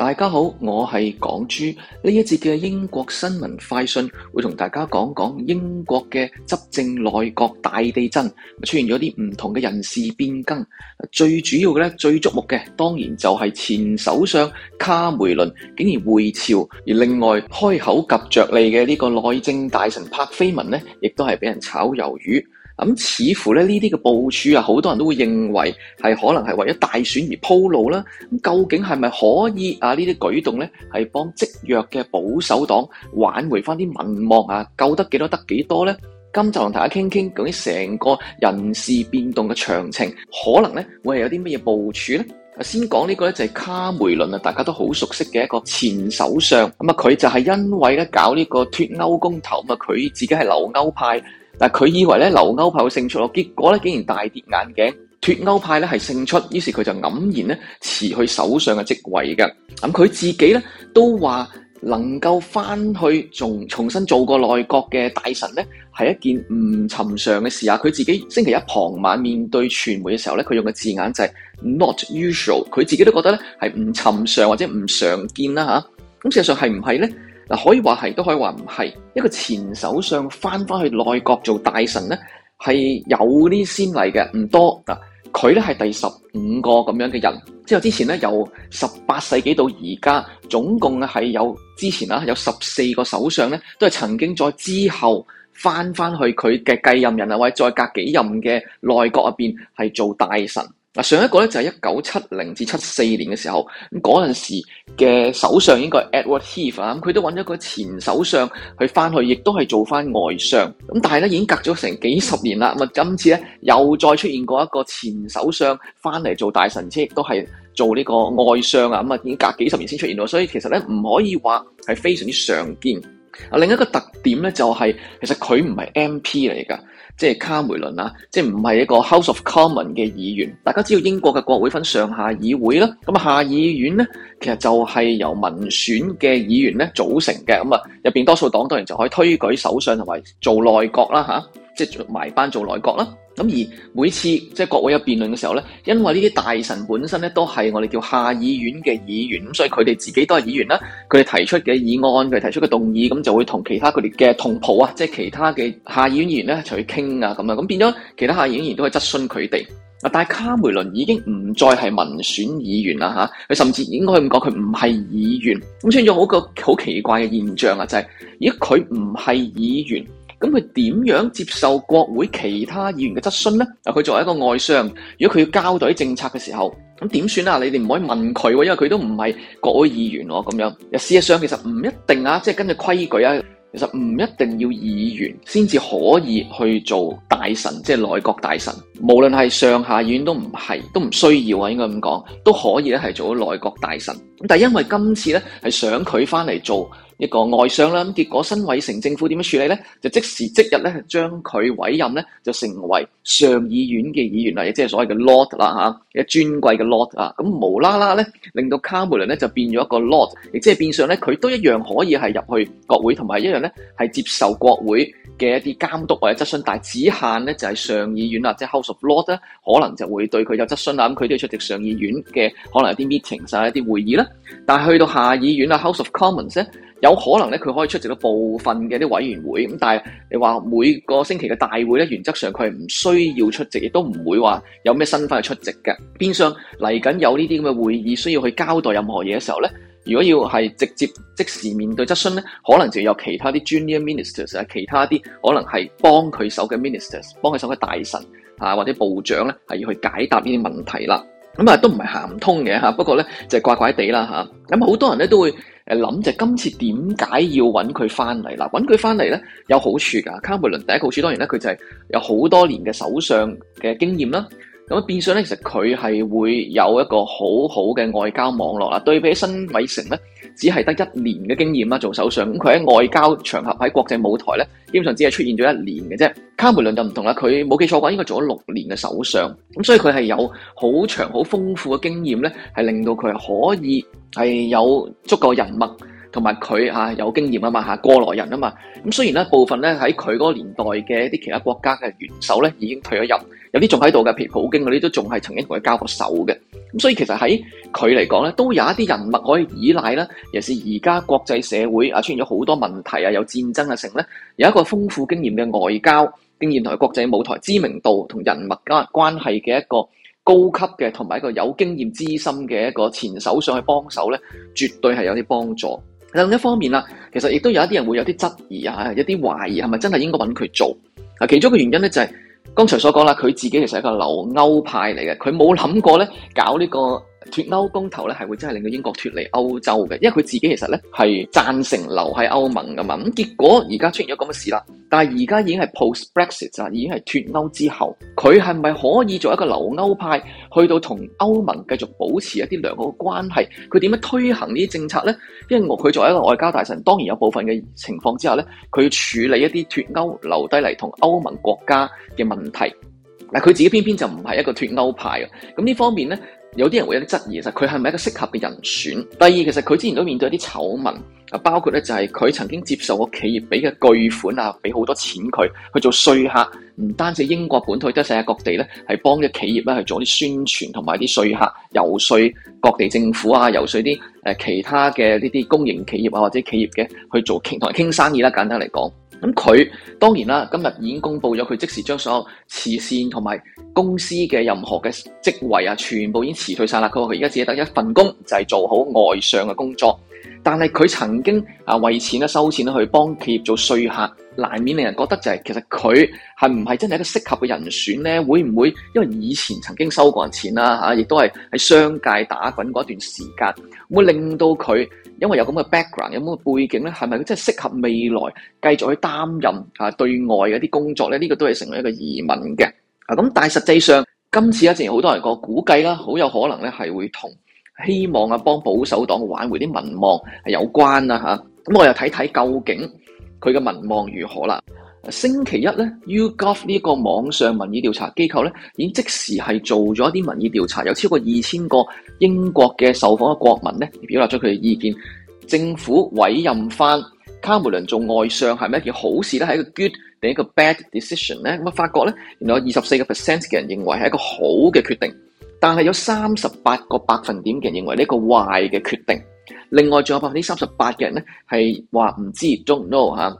大家好，我係港豬。呢一節嘅英國新聞快訊，會同大家講講英國嘅執政內閣大地震，出現咗啲唔同嘅人事變更。最主要嘅咧，最矚目嘅，當然就係前首相卡梅倫竟然回朝，而另外開口夾著脷嘅呢個內政大臣柏斐文呢，亦都係俾人炒魷魚。咁似乎咧呢啲嘅部署啊，好多人都會認為係可能係為咗大選而鋪路啦。咁究竟係咪可以啊呢啲舉動呢？係幫積弱嘅保守黨挽回翻啲民望啊？救得幾多得幾多呢？今集就同大家傾傾，究竟成個人事變動嘅詳情，可能呢會係有啲乜嘢部署呢？先講呢個呢，就係卡梅倫啊，大家都好熟悉嘅一個前首相。咁啊，佢就係因為咧搞呢個脱歐公投，咁啊佢自己係留歐派。但佢以為咧留歐派會勝出咯，結果咧竟然大跌眼鏡，脱歐派咧係勝出，於是佢就黯然咧辭去首相嘅職位嘅。咁、嗯、佢自己咧都話能夠翻去重重新做過內閣嘅大臣咧係一件唔尋常嘅事啊！佢自己星期一傍晚面對傳媒嘅時候咧，佢用嘅字眼就係 not usual，佢自己都覺得咧係唔尋常或者唔常見啦嚇。咁、啊、事實上係唔係咧？可以話係，都可以話唔係，一個前首相翻翻去內閣做大臣咧，係有啲先例嘅，唔多嗱。佢咧係第十五個咁樣嘅人，之後之前咧由十八世紀到而家總共係有之前啊，有十四個首相咧都係曾經在之後翻翻去佢嘅繼任人啊，或者再隔幾任嘅內閣入邊係做大臣。嗱，上一個咧就係一九七零至七四年嘅時候，咁嗰陣時嘅首相應該係 Edward Heath 啊，咁佢都揾咗個前首相去翻去，亦都係做翻外相，咁但係咧已經隔咗成幾十年啦，咁啊今次咧又再出現過一個前首相翻嚟做大臣，亦都係做呢個外相啊，咁啊已經隔幾十年先出現咗，所以其實咧唔可以話係非常之常見。啊，另一個特點咧就係、是、其實佢唔係 M P 嚟噶。即係卡梅倫啦，即係唔係一個 House of Commons 嘅議員。大家知道英國嘅國會分上下議會啦，咁啊下議院呢，其實就係由民選嘅議員咧組成嘅，咁啊入邊多數黨當然就可以推舉首相同埋做內閣啦嚇。即係埋班做內閣啦，咁而每次即係國會有辯論嘅時候咧，因為呢啲大臣本身咧都係我哋叫下議院嘅議員，咁所以佢哋自己都係議員啦，佢哋提出嘅議案，佢哋提出嘅動議，咁就會同其他佢哋嘅同袍啊，即係其他嘅下議院議員咧，就去傾啊咁樣，咁變咗其他下議院議員都可以質詢佢哋。但係卡梅倫已經唔再係民選議員啦，吓，啊，佢甚至應該咁講，佢唔係議員。咁出現咗好個好奇怪嘅現象啊，就係而家佢唔係議員。咁佢點樣接受國會其他議員嘅質詢呢？佢作為一個外相，如果佢要交代政策嘅時候，咁點算啊？你哋唔可以問佢喎，因為佢都唔係國會議員喎。咁樣，事實上，其實唔一定啊，即係根據規矩啊，其實唔一定要議員先至可以去做大臣，即係內閣大臣，無論係上下院都唔係，都唔需要啊，應該咁講都可以咧，係做咗內閣大臣。咁但係因為今次呢，係想佢翻嚟做。一個外相啦，咁結果辛偉誠政府點樣處理咧？就即時即日咧，將佢委任咧，就成為上議院嘅議員啦，亦即係所謂嘅 Lord 啦吓，一尊貴嘅 Lord 啊，咁無啦啦咧，令到卡梅倫咧就變咗一個 Lord，亦即係變相咧，佢都一樣可以係入去國會，同埋一樣咧係接受國會嘅一啲監督或者質詢，但係只限咧就係上議院啦，即 House of Lords 咧，可能就會對佢有質詢啦。咁佢都要出席上議院嘅可能有啲 meeting 晒，一啲會議啦。但係去到下議院啊，House of Commons 咧。有可能咧，佢可以出席到部分嘅啲委員會。咁但係你話每個星期嘅大會咧，原則上佢係唔需要出席，亦都唔會話有咩身份去出席嘅。變相嚟緊有呢啲咁嘅會議，需要去交代任何嘢嘅時候咧，如果要係直接即時面對質詢咧，可能就有其他啲 junior ministers 啊，其他啲可能係幫佢手嘅 ministers，幫佢手嘅大臣啊或者部長咧，係要去解答呢啲問題啦。咁啊都唔係行唔通嘅嚇，不過咧就係怪怪地啦嚇。咁好多人咧都會。誒諗就今次點解要揾佢翻嚟嗱？揾佢翻嚟咧，有好處㗎。卡梅倫第一個好處當然咧，佢就係有好多年嘅首相嘅經驗啦。咁變相咧，其實佢係會有一個好好嘅外交網絡啦。對比辛偉誠咧，只係得一年嘅經驗啦，做首相。咁佢喺外交場合喺國際舞台咧，基本上只係出現咗一年嘅啫。卡梅倫就唔同啦，佢冇記錯嘅話，應該做咗六年嘅首相。咁所以佢係有好長好豐富嘅經驗咧，係令到佢係可以係有足夠人脈。同埋佢有經驗啊嘛，嚇過來人啊嘛，咁雖然咧，部分咧，喺佢嗰個年代嘅一啲其他國家嘅元首咧已經退咗入，有啲仲喺度嘅，譬如普京嗰啲都仲係曾經同佢交過手嘅。咁所以其實喺佢嚟講咧，都有一啲人物可以依賴啦，尤其是而家國際社會啊出現咗好多問題啊，有戰爭啊成咧，有一個豐富經驗嘅外交經驗同國際舞台知名度同人物關關係嘅一個高級嘅同埋一個有經驗資深嘅一個前首相去幫手咧，絕對係有啲幫助。另一方面啦，其實亦都有一啲人會有啲質疑啊，有啲懷疑係咪真係應該揾佢做？啊，其中一個原因呢，就係剛才所講啦，佢自己其實係一個留歐派嚟嘅，佢冇諗過呢搞呢個脫歐公投咧，係會真係令到英國脫離歐洲嘅，因為佢自己其實咧係贊成留喺歐盟噶嘛。咁結果而家出現咗咁嘅事啦，但係而家已經係 post Brexit 啊，已經係脫歐之後，佢係咪可以做一個留歐派，去到同歐盟繼續保持一啲良好嘅關係？佢點樣推行呢啲政策呢？因為佢作為一個外交大臣，當然有部分嘅情況之下呢，佢要處理一啲脫歐留低嚟同歐盟國家嘅問題。嗱，佢自己偏偏就唔係一個脫歐派啊。咁呢方面呢。有啲人會有啲質疑，其實佢係咪一個適合嘅人選？第二，其實佢之前都面對一啲醜聞，啊，包括咧就係佢曾經接受過企業俾嘅巨款啊，俾好多錢佢去做稅客，唔單止英國本土，得世界各地咧係幫啲企業咧去做啲宣傳同埋啲稅客遊説各地政府啊，遊説啲、呃、其他嘅呢啲公營企業啊或者企業嘅去做傾同埋傾生意啦，簡單嚟講。咁佢當然啦，今日已經公布咗，佢即時將所有慈善同埋公司嘅任何嘅職位啊，全部已經辭退曬啦。佢話佢而家只係得一份工，就係、是、做好外相嘅工作。但係佢曾經啊為錢咧收錢去幫企業做說客，難免令人覺得就係、是、其實佢係唔係真係一個適合嘅人選呢？會唔會因為以前曾經收過人錢啦、啊、亦都係喺商界打滾嗰段時間，會令到佢因為有咁嘅 background 有咁嘅背景呢，係咪真係適合未來繼續去擔任啊對外嗰啲工作呢？呢、這個都係成為一個疑問嘅。啊咁，但實際上今次正如好多人個估計啦，好有可能咧係會同。希望啊，幫保守黨挽回啲民望有關啊，嚇咁我又睇睇究竟佢嘅民望如何啦。星期一咧，YouGov 呢個網上民意調查機構咧，已經即時係做咗一啲民意調查，有超過二千個英國嘅受訪嘅國民咧，表達咗佢嘅意見。政府委任翻卡梅倫做外相係咪一件好事呢？係一個 good 定一個 bad decision 呢，咁啊，發覺呢，原來有二十四個 percent 嘅人認為係一個好嘅決定。但係有三十八個百分點嘅人認為呢個壞嘅決定，另外仲有百分之三十八嘅人咧係話唔知，don't know 吓，呢、啊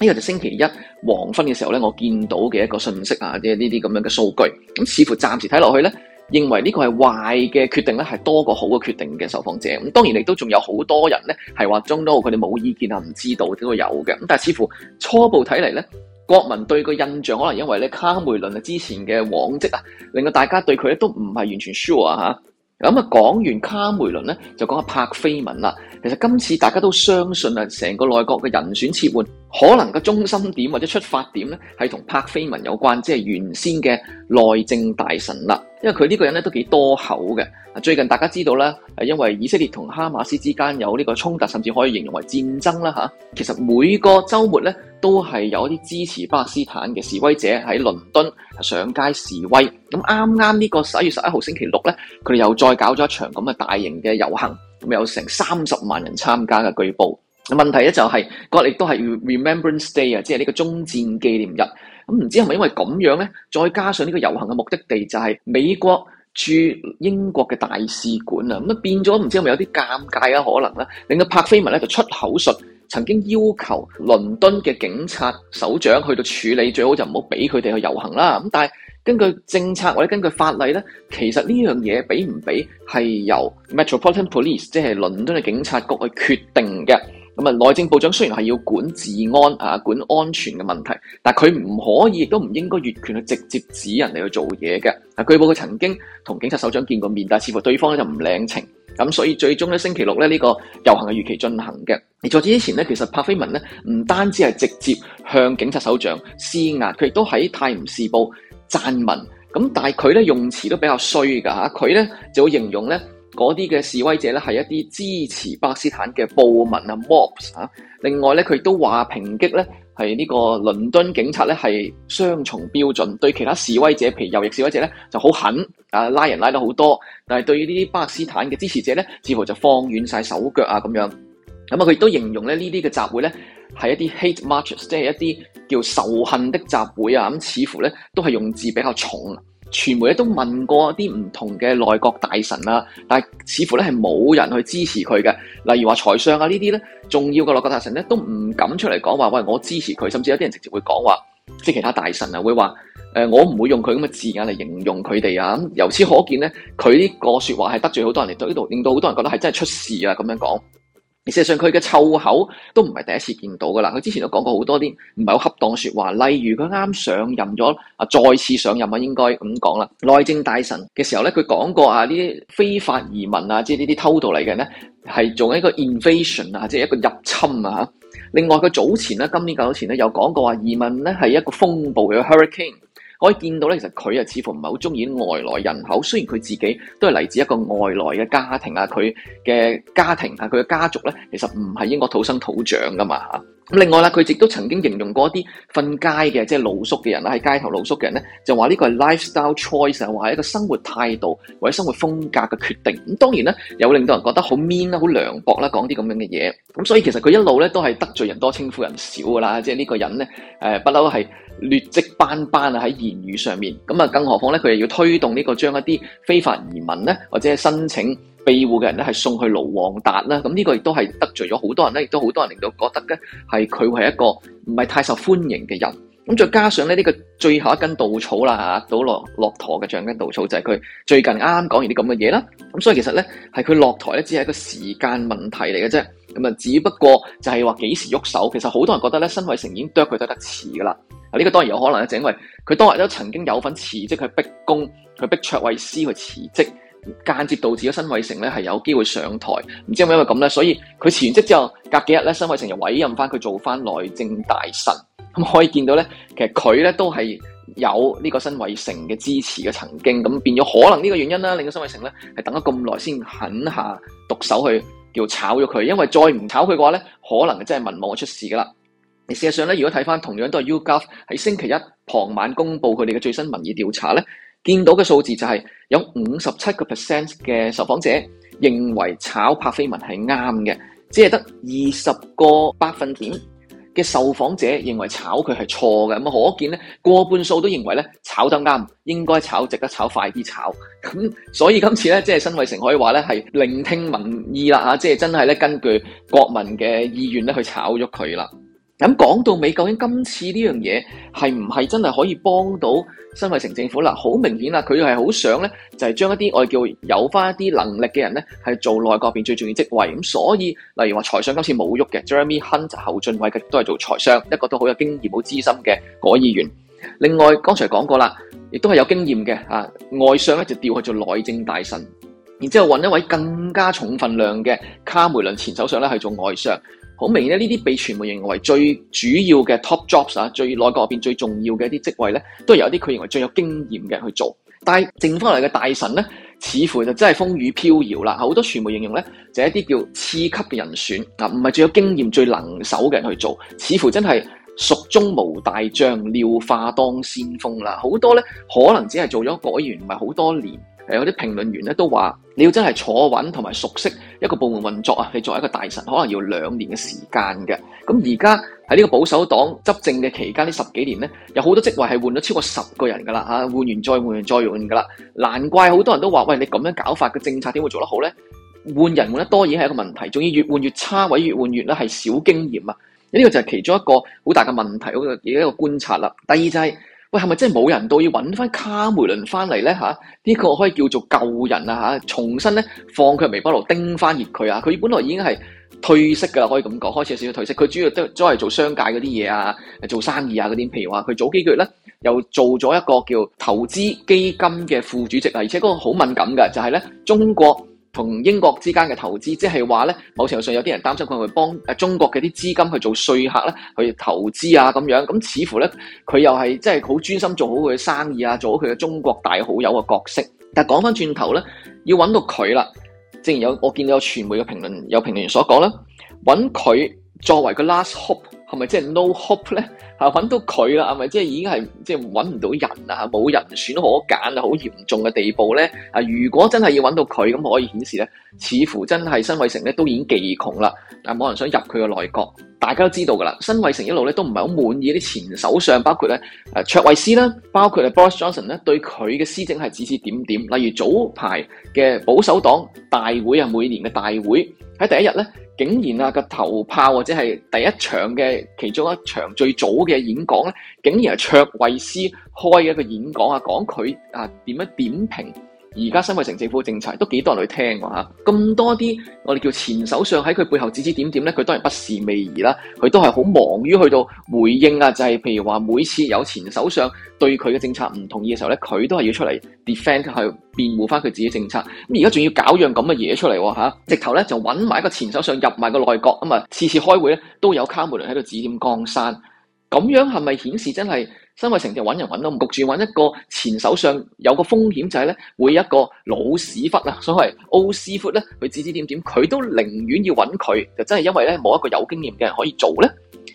呢個就星期一黃昏嘅時候呢我見到嘅一個信息啊，即呢啲咁樣嘅數據，咁、嗯、似乎暫時睇落去呢，認為呢個係壞嘅決定呢係多過好嘅決定嘅受訪者，咁、嗯、當然亦都仲有好多人呢，係話 don't know，佢哋冇意見啊，唔知道，都有嘅，咁、嗯、但係似乎初步睇嚟呢。國民對個印象可能因為咧卡梅倫啊之前嘅往績啊，令到大家對佢咧都唔係完全 sure 嚇。咁啊講完卡梅倫咧，就講下柏斐文啦。其實今次大家都相信啊，成個內閣嘅人選切換，可能個中心點或者出發點咧係同柏斐文有關，即係原先嘅內政大臣啦。因為佢呢個人咧都幾多口嘅。最近大家知道啦，因為以色列同哈馬斯之間有呢個衝突，甚至可以形容為戰爭啦吓。其實每個周末咧都係有一啲支持巴勒斯坦嘅示威者喺倫敦上街示威。咁啱啱呢個十一月十一號星期六咧，佢哋又再搞咗一場咁嘅大型嘅遊行，咁有成三十萬人參加嘅據報。問題咧就係、是，今日都係 Remembrance Day 啊，即係呢個中戰紀念日。咁唔知係咪因為咁樣咧？再加上呢個遊行嘅目的地就係美國駐英國嘅大使館啊，咁啊變咗唔知係咪有啲尷尬啊？可能咧，令到柏斐文咧就出口述，曾經要求倫敦嘅警察首長去到處理，最好就唔好俾佢哋去遊行啦。咁但係根據政策或者根據法例咧，其實呢樣嘢俾唔俾係由 Metropolitan Police，即係倫敦嘅警察局去決定嘅。咁啊，內政部長雖然係要管治安啊、管安全嘅問題，但佢唔可以亦都唔應該越權去直接指人哋去做嘢嘅。啊，據報佢曾經同警察首長見過面，但似乎對方咧就唔領情。咁所以最終咧，星期六咧呢、這個遊行係如期進行嘅。而在此之，之前呢，其實柏斐文呢唔單止係直接向警察首長施壓，佢亦都喺《泰晤士報》撰文。咁但係佢咧用詞都比較衰㗎吓，佢咧就會形容咧。嗰啲嘅示威者咧係一啲支持巴基斯坦嘅暴民啊，mob 啊，另外咧佢亦都話評擊咧係呢，呢個倫敦警察咧係雙重標準，對其他示威者，譬如右翼示威者咧就好狠啊，拉人拉得好多，但係對於呢啲巴基斯坦嘅支持者咧，似乎就放軟晒手腳啊咁樣。咁啊，佢亦都形容咧呢啲嘅集會咧係一啲 hate marches，即係一啲叫仇恨的集會啊咁，似乎咧都係用字比較重。傳媒咧都問過啲唔同嘅內閣大臣啊，但係似乎咧係冇人去支持佢嘅，例如話財相啊呢啲咧重要嘅內閣大臣咧都唔敢出嚟講話，喂我支持佢，甚至有啲人直接會講話，即係其他大臣啊會話誒我唔會用佢咁嘅字眼嚟形容佢哋啊，咁由此可見咧佢呢個說話係得罪好多人嚟到呢度，令到好多人覺得係真係出事啊咁樣講。事實上佢嘅臭口都唔係第一次見到㗎啦，佢之前都講過好多啲唔係好恰當説話，例如佢啱上任咗啊，再次上任啊，應該咁講啦，內政大臣嘅時候咧，佢講過啊，呢啲非法移民啊，即係呢啲偷渡嚟嘅咧，係做一個 invasion 啊，即係一個入侵啊嚇。另外佢早前咧，今年較早前咧，有講過話、啊、移民咧係一個風暴嘅 hurricane。我可以見到咧，其實佢啊似乎唔係好鍾意外來人口。雖然佢自己都係嚟自一個外來嘅家庭啊，佢嘅家庭啊，佢嘅家族咧，其實唔係英國土生土長噶嘛吓咁另外啦，佢亦都曾經形容過一啲瞓街嘅，即係露宿嘅人啦，喺街頭露宿嘅人咧，就話呢個係 lifestyle choice，係話一個生活態度或者生活風格嘅決定。咁當然咧，有令到人覺得好 mean 啦，好涼薄啦，講啲咁樣嘅嘢。咁所以其實佢一路咧都係得罪人多稱呼人少噶啦，即係呢個人咧，誒不嬲係劣跡斑斑啊喺言語上面。咁啊，更何況咧，佢又要推動呢、這個將一啲非法移民咧或者係申請。庇護嘅人咧，係送去盧旺達啦。咁呢個亦都係得罪咗好多人咧，亦都好多人令到覺得咧，係佢係一個唔係太受歡迎嘅人。咁再加上咧呢、這個最後一根稻草啦，吓、啊、到落駱駝嘅象根稻草就係、是、佢最近啱啱講完啲咁嘅嘢啦。咁所以其實咧，係佢落台咧，只係一個時間問題嚟嘅啫。咁啊，只不過就係話幾時喐手。其實好多人覺得咧，辛偉誠已經剁佢都得遲噶啦。啊，呢個當然有可能就正因為佢當日都曾經有份辭職，去逼宮，去逼卓慧思去辭職。間接導致咗辛偉誠咧係有機會上台，唔知係咪因為咁咧？所以佢辭完職之後，隔幾日咧，辛偉誠又委任翻佢做翻內政大臣。咁可以見到咧，其實佢咧都係有呢個辛偉誠嘅支持嘅曾經。咁變咗可能呢個原因啦，令到辛偉誠咧係等咗咁耐先狠下毒手去叫炒咗佢。因為再唔炒佢嘅話咧，可能真係民望出事噶啦。事實上咧，如果睇翻同樣都係 YouGov 喺星期一傍晚公布佢哋嘅最新民意調查咧。見到嘅數字就係有五十七個 percent 嘅受訪者認為炒柏斐文係啱嘅，只係得二十個百分點嘅受訪者認為炒佢係錯嘅。咁可見咧過半數都認為咧炒得啱，應該炒，值得炒，炒快啲炒。咁所以今次咧，即係辛偉誠可以話咧係聆聽民意啦、吓、即係真係咧根據國民嘅意願咧去炒咗佢啦。咁講到尾，究竟今次呢樣嘢係唔係真係可以幫到新惠城政府啦？好明顯啦，佢係好想咧，就係、是、將一啲外叫「有返一啲能力嘅人咧，係做內閣入邊最重要職位。咁所以，例如話財相今次冇喐嘅 Jeremy Hunt 侯俊偉佢都係做財相，一個都好有經驗、好資深嘅嗰議員。另外，剛才講過啦，亦都係有經驗嘅啊外相咧，就調去做內政大臣，然之後揾一位更加重分量嘅卡梅倫前首相咧，係做外相。好明顯呢，呢啲被傳媒認為最主要嘅 top jobs 啊，最內閣入邊最重要嘅一啲職位呢，都係由一啲佢認為最有經驗嘅人去做。但係剩翻嚟嘅大臣呢，似乎就真係風雨飄搖啦。好多傳媒形容呢，就係一啲叫次級嘅人選啊，唔係最有經驗、最能手嘅人去做，似乎真係蜀中無大將，廖化當先鋒啦。好多呢，可能只係做咗改員唔係好多年。誒有啲評論員咧都話，你要真係坐穩同埋熟悉一個部門運作啊，你作為一個大臣，可能要兩年嘅時間嘅。咁而家喺呢個保守黨執政嘅期間，呢十幾年呢，有好多職位係換咗超過十個人噶啦嚇，換完再換完再換再換噶啦，難怪好多人都話：喂，你咁樣搞法嘅政策點會做得好呢？換人換得多已係一個問題，仲要越換越差，位越換越咧係少經驗啊！呢個就係其中一個好大嘅問題，我嘅而家一個觀察啦。第二就係。喂，係咪真係冇人到要揾翻卡梅倫翻嚟咧嚇？呢個可以叫做救人啊嚇，重新咧放佢喺微波爐叮翻熱佢啊！佢本來已經係退色噶啦，可以咁講，開始有少少退色。佢主要都都係做商界嗰啲嘢啊，做生意啊嗰啲。譬如話，佢早幾月咧又做咗一個叫投資基金嘅副主席啊，而且嗰個好敏感嘅就係咧中國。同英國之間嘅投資，即係話咧，某程度上有啲人擔心佢會幫誒中國嘅啲資金去做說客，去投資啊咁樣，咁似乎咧佢又係即係好專心做好佢嘅生意啊，做好佢嘅中國大好友嘅角色。但係講翻轉頭咧，要揾到佢啦。正如有我見到有傳媒嘅評論，有評論員所講啦，揾佢。作為個 last hope 係咪即係 no hope 咧？揾到佢啦，係咪即係已經係即係揾唔到人啊？冇人選可揀啊，好嚴重嘅地步咧！啊，如果真係要揾到佢，咁可以顯示咧，似乎真係辛偉誠咧都已經技窮啦，但冇人想入佢嘅內閣。大家都知道噶啦，辛偉誠一路咧都唔係好滿意啲前首相，包括咧卓慧思啦，包括阿 Boris Johnson 咧，對佢嘅施政係指指點點。例如早排嘅保守黨大會啊，每年嘅大會。喺第一日呢，竟然啊個頭炮或者係第一場嘅其中一場最早嘅演講呢竟然係卓慧思開的一個演講啊講佢啊點樣點評而家辛偉誠政府嘅政策都幾多人去聽㗎咁、啊、多啲我哋叫前首相喺佢背後指指點點咧，佢當然不是味兒啦，佢都係好忙於去到回應啊，就係、是、譬如話每次有前首相對佢嘅政策唔同意嘅時候咧，佢都係要出嚟 defend 去辯護返佢自己的政策，咁而家仲要搞樣咁嘅嘢出嚟嚇，啊、直頭咧就揾埋一個前首相入埋個內閣咁嘛。次次開會咧都有卡梅倫喺度指點江山，咁樣係咪顯示真係？身為成日揾人揾咯，焗住揾一個前手上有個風險，就係咧，會一個老屎忽啊，所謂 O 屎忽咧，佢指指點點，佢都寧願要揾佢，就真係因為咧冇一個有經驗嘅人可以做咧，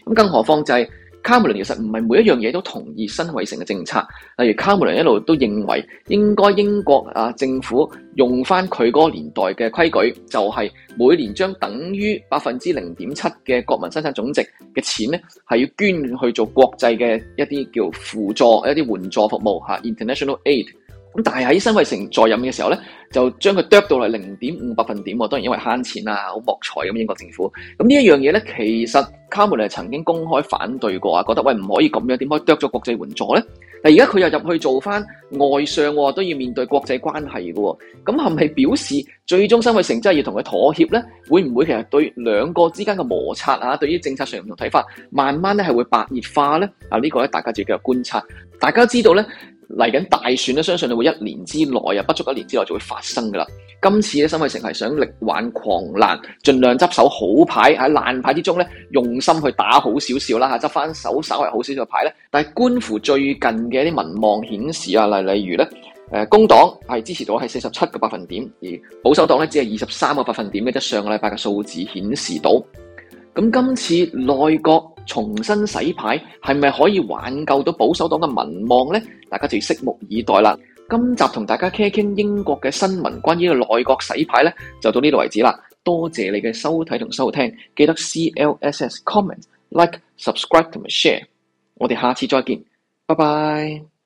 咁更何況就係、是。卡梅倫其實唔係每一樣嘢都同意辛偉誠嘅政策，例如卡梅倫一路都認為應該英國啊政府用翻佢嗰個年代嘅規矩，就係、是、每年將等於百分之零點七嘅國民生產總值嘅錢咧，係要捐去做國際嘅一啲叫輔助一啲援助服務嚇，international aid。咁但係喺新惠城在任嘅時候咧，就將佢 drop 到嚟零點五百分點喎，當然因為慳錢啊，好薄彩咁英國政府。咁呢一樣嘢咧，其實卡梅倫曾經公開反對過啊，覺得喂唔可以咁樣，點可以 drop 咗國際援助咧？但而家佢又入去做翻外相喎，都要面對國際關係嘅喎。咁係咪表示最終新惠城真係要同佢妥協咧？會唔會其實對兩個之間嘅摩擦啊，對於政策上唔同睇法，慢慢咧係會白熱化咧？啊，這個、呢個咧大家就要繼續觀察。大家知道咧。嚟緊大選咧，相信你會一年之內啊，不足一年之內就會發生噶啦。今次咧，辛偉誠係想力挽狂瀾，盡量執手好牌喺爛牌之中咧，用心去打好少少啦吓，執翻手稍為好少少牌咧。但係，觀乎最近嘅一啲民望顯示啊，例如咧，誒工黨係支持到係四十七個百分點，而保守黨咧只係二十三個百分點嘅，即上個禮拜嘅數字顯示到。咁今次內閣。重新洗牌係咪可以挽救到保守黨嘅民望呢？大家就要拭目以待啦。今集同大家傾傾英國嘅新聞，關於內閣洗牌咧，就到呢度為止啦。多謝你嘅收睇同收聽，記得 CLSS comment、like、subscribe 同埋 share。我哋下次再見，拜拜。